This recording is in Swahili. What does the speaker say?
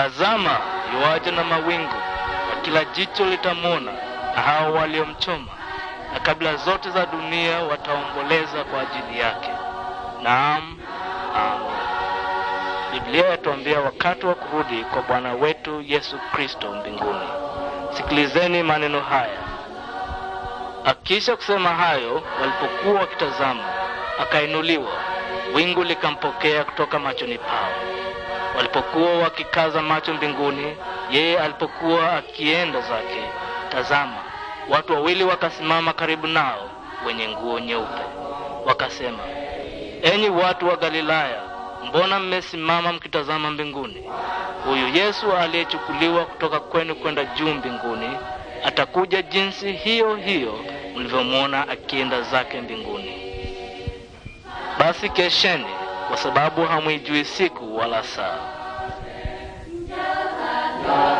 Tazama yuwaja na mawingu, na kila jicho litamwona, na hao waliomchoma, na kabila zote za dunia wataomboleza kwa ajili yake. Naam, amen. Biblia yatuambia wakati wa kurudi kwa Bwana wetu Yesu Kristo mbinguni. Sikilizeni maneno haya. akisha kusema hayo, walipokuwa wakitazama, akainuliwa, wingu likampokea kutoka machoni pao. Walipokuwa wakikaza macho mbinguni, yeye alipokuwa akienda zake, tazama, watu wawili wakasimama karibu nao wenye nguo nyeupe, wakasema, enyi watu wa Galilaya, mbona mmesimama mkitazama mbinguni? Huyu Yesu aliyechukuliwa kutoka kwenu kwenda juu mbinguni atakuja jinsi hiyo hiyo mlivyomwona akienda zake mbinguni. Basi kesheni kwa sababu hamwijui siku wala saa.